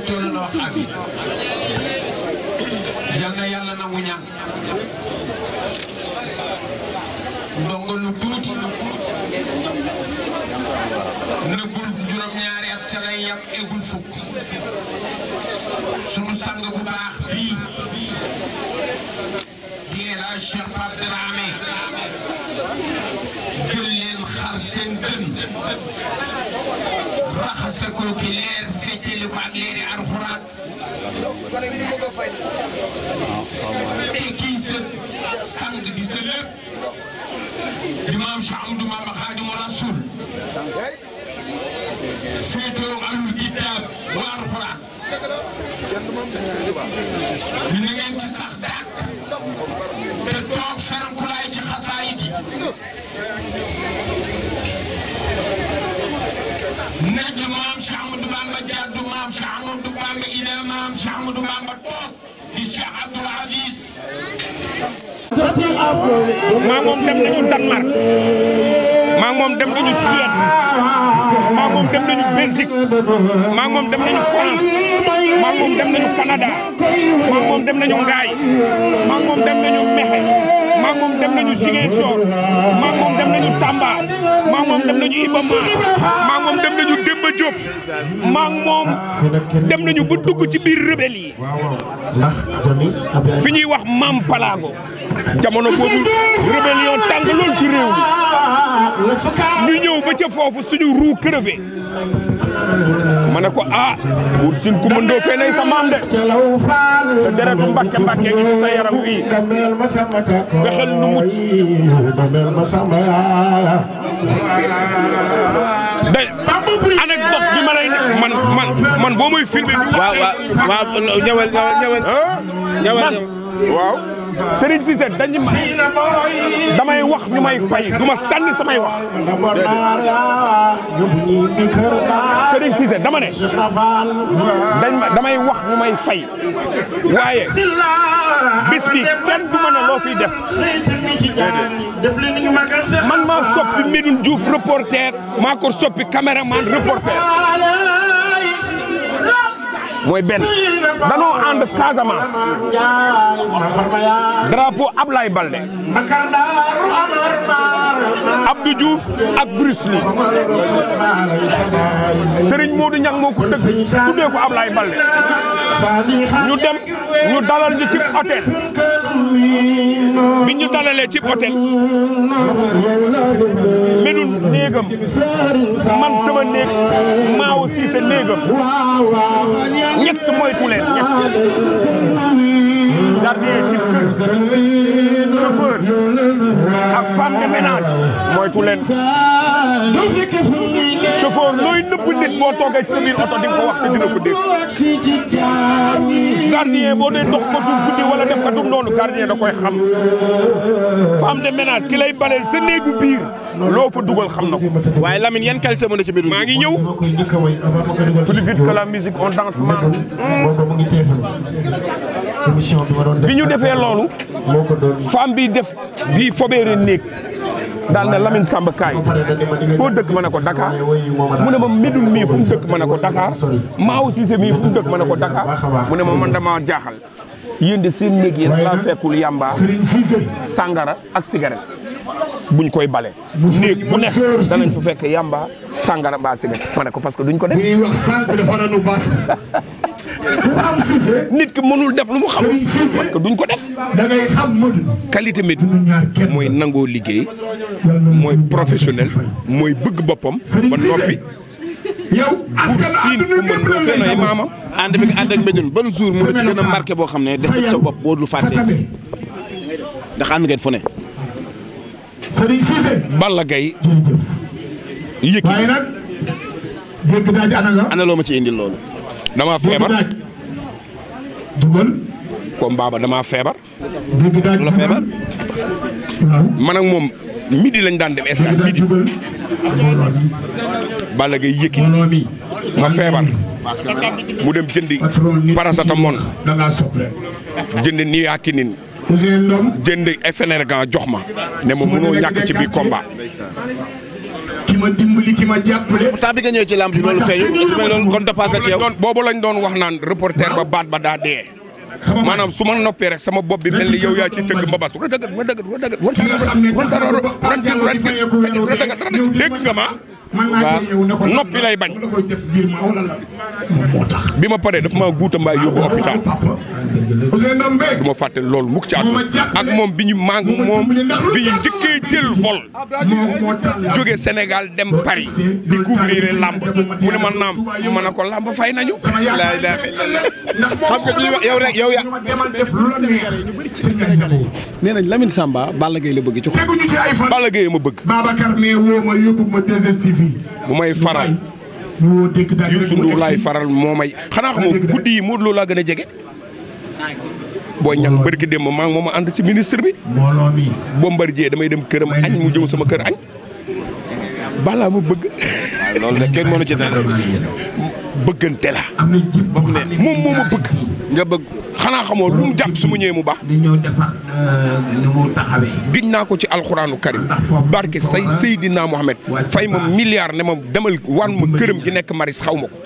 damay teel a wax amin na yàlla ñaan ndongo lu tuuti nëbbul juróom-ñaari at ca lay yam eggul fukk sunu sang bu baax bii di El Hadj Cheikh Pape Dramé jël leen xar seen dën raxase ko ki ko ak leer ko nag ñu ko ko fay. tey kii sa sang di sa kitaab wal Alxuraan ni na ngeen ci sax dàkk te toog ferenkulaay ci xasaayit yi maam Cheikh moom dem nañu Danemark maa moom dem nañu Suède maa moom dem nañu Belgique maa moom dem nañu France maa moom dem nañu Canada maa moom dem nañu Ngaye maa moom dem nañu Mexe maa moom dem nañu Ziguinchor Tamba maa moom dem nañu Iba Mar maa moom dem nañu Demba Diop maa moom dem nañu ba dugg ci biir rebelle yi. ndax fi ñuy wax maam Palaago jamono boobu rébellion tàng lool ñu ñëw ba ca foofu suñu roue crevée. ma ko ah Buur Siin Kumba Ndoofeen ay sa maam de sa deretu mbàkke mbàkke ngi ci sa yaram wi fexeel nu mucc day anek box bi ma lay def man man man boo may filmé waaw waaw ñëwal ñëwal ñëwal ñëwal waaw Serigne Cissé dañu ma damay wax ñu may fay du ma sànni samay wax Serigne Cissé dama ne dañ ma damay wax ñu may fay waaye bis bi kenn du ma ne loo fiy def man maa soppi Medoune Diouf reporter maa ko soppi caméraman reporter mooy benn danoo ànd Casamance drapeau Ablaye Balde Abdou Diouf ak Bruce Lee Serigne Modou Niang moo ko tëgg tuddee ko Ablaye Balde ñu dem ñu dalal ñu ci bi ñu dalalee ci hôtel melul néegam man sama néeg maawo siise néegam ñett moytu leen ñett gardien ci kër chauffeur ak femme de ménage moytu leen chauffeur looy nëbb nit boo toogee ci sa biir oto di nga ko wax te dina ko dégg gardien boo dee dox ko tu guddi wala def ko noonu gardien da koy xam femme de ménage ki lay baleel sa biir loo fa dugal xam na waaye Lamine yan qualité mën na ci biir. maa ngi ñëw. plus vite que la musique on danse mal. bi ñu defee loolu. femme bi def bii fobeere néeg daal na Lamine Samba kaay foo dëkk ma ne ko Dakar mu ne ma Médoune mii fu mu dëkk ma ne ko Dakar Maaw Cissé mii fu mu dëkk ma ne ko Dakar mu ne ma man damaa jaaxal yéen de seen néeg yi laa fekkul yamba sàngara ak cigarette buñ koy bale néeg bu nekk danañ fu fekk yamba sàngara mbaa cigarette ma ko parce que duñ ko def muy wax ku mënul def lu mu xam parce que duñ ko def da ngay mooy nangoo liggéey mooy professionnel mooy bëgg boppam ba noppi yow askan adduna bépp la lay sama maamam mu la ci gën a marqué boo xam ne def sa bopp boo dul fàtte ndax ànd ngeen fu ne Serigne Cissé. Balla Gaye. yëkki loo ma ci indil loolu. damaa feebar feebar. dégg moom midi lañ daan dem. stade midi Balla Gaye yëkki ma feebar. mu dem jëndi paracetamol. da ngaa soppi jënd ay fenergan jox ma ne ma mënoo ñàkk ci biir combat. ki ma dimbali ki ma jàppale. pourtant bi nga a ci lamb bi loolu feeñu loolu kon boobu lañ doon wax naan reporter ba baat ba daa dee. maanaam su ma noppee rek sama bopp bi mel ni yow yaa ci tëgg mbabas wa dëgg wa dëgg wa dëgg wa dëgg wa dëgg wa waaw noppi lay bañ bi ma paree daf maa guuta mbaay yóbbu ah, hôpital du ma fàtte loolu mukk ci àdduna ak moom bi ñu maa ngi moom bi ñu njëkkee jël vol jóge Sénégal dem Paris découvrir làmb mu ne ma naam ma ne ko làmb fay nañu laay daa xam nga ñuy wax la bëgg ci xol Balla Gaye ma bëgg bu may faral Youssou Ndour laay faral moo may xanaa xam guddi yi Modou Lo laa gën a jege. boo ñàkk barki ma maa ma ànd ci ministre bi. Bombardier damay dem këram añ mu jëw sama kër añ. balaa ma bëgg. waaw loolu de kenn mënu ci dara bëggante la. moom moo ma bëgg. nga bëgg. xanaa xamoo lu mu jàpp su ma ñëwee mu baax. li ñëw defar euh, naa ko ci alxuraanu karim barke say Seydina Mohamed fay ma milliard ne ma demal wan ma këram gi nekk Maris xaw ma ko.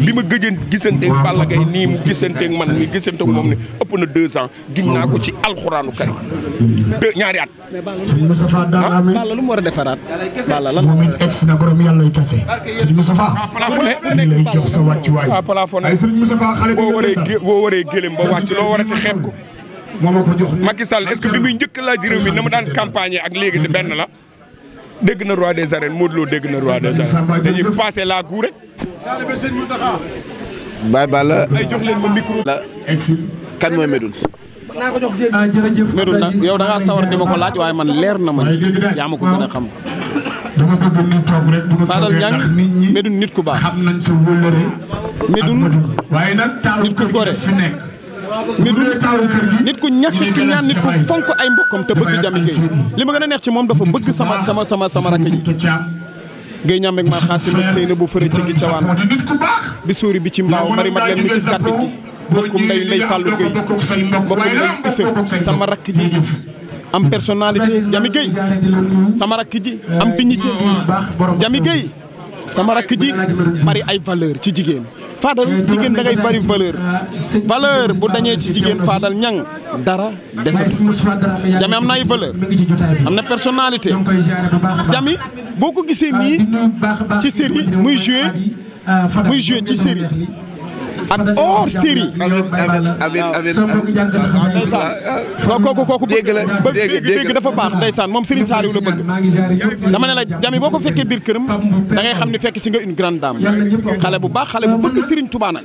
bi ma gëjën gisanteeg Balla Gaye nii mu gisanteeg man mi gisanteeg moom ne ëpp na deux ans giñ naa ko ci alxuraanu karim deux ñaari at. Ah, war a defaraat. Balla lan moom ah, sa wàccuwaay. Ah, ay sëñ Moustapha xale bi boo waree gé boo waree gëlëm ba loo war a ci xeeb ko. moom a ko jox Macky est bi muy njëkk laaj réew mi na ma daan campagne ak léegi benn la dégg na roi des arènes Modou Lo dégg na roi des arènes dañuy passé la cour taalibe sëñ Muntaxa Baye Balla ay jox leen ma micro la kan mooy Médoune ah, jërëjëf Médoune nag yow da ngaa sawar di ma ko laaj waaye man leer na ma yaa ma ko gën a xam dama bëgg nit toog rek bu nit ku baax xam nañ sa wóllëre Médoune waaye nag taaru kër gi fi nekk gi nit ku ñàkk ki ñaan nit ku fonk ay mbokkam te bëgg jàmm kay li ma gën a neex ci moom dafa bëgg sama sama sama sama rakk ji Guèye Niambeeg Mar Xaasim ak Seyna bu fëre ci gi cawaan bi suuri bi ci mbaaw mari ma leen mi ci kàddu gi bokkum nday nday fàllu Guèye bokkum nday isa sama rakk ji am personnalité Jami Guèye sama rakk ji am dignité Jami Guèye sama rakk ji bari ay valeur ci jigéen Fadal euh, jigéen da ngay bari valeur euh, valeur bu dañee ci jigéen euh, Fadal ñang dara desatu Jami am na ay valeur am na personnalité Jami boo ko gisee nii ci série muy joué muy joué ci série ak hors série. amiin amiin kooku kooku dégg dégg dafa baax ndeysaan moom Serigne Saliou la bëgg. dama ne la jami boo ko fekkee biir këram da ngay xam ne fekk si nga une grande dame xale bu baax xale bu bëgg Serigne Touba nag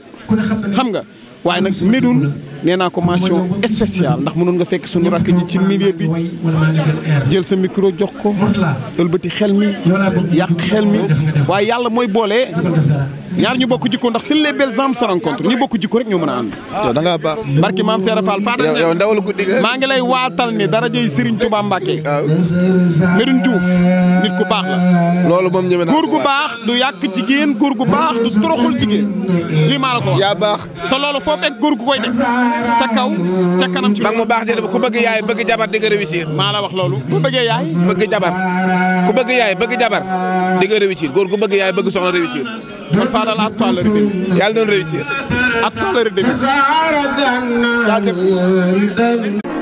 xam nga waaye nag Médoune nee naa ko mention spéciale ndax mënoon nga fekk suñu rakk ji ci milieu bi jël sa micro jox ko ëlbati xel mi yàq xel mi waaye yàlla mooy boole ñaar ñu bokk jikko ndax si les belles âmes se rencontrent ñu bokk jikko rek ñoo mën a ànd. yow da ngaa baax barki maam Seera Fall yow ndawal maa ngi lay waatal ni darajay Serigne Touba Mbacké. waaw ah. Médoune Diouf nit ku baax la. loolu moom ñeme naa góor gu baax du yàq jigéen góor gu baax du toroxul jigéen lii maa la ko wax yaa baax te loolu foo fekk góor gu koy def ca kaw ca kanam ci mag mu baax dina ku bëgg yaay bëgg jabar di nga réussir maa la wax loolu ku bëggee bëgg jabar ku bëgg yaay bëgg jabar di nga réussir góor gu bëgg yaay bëgg soxna réussir man faa daal à toi le rébé yàlla doon réussir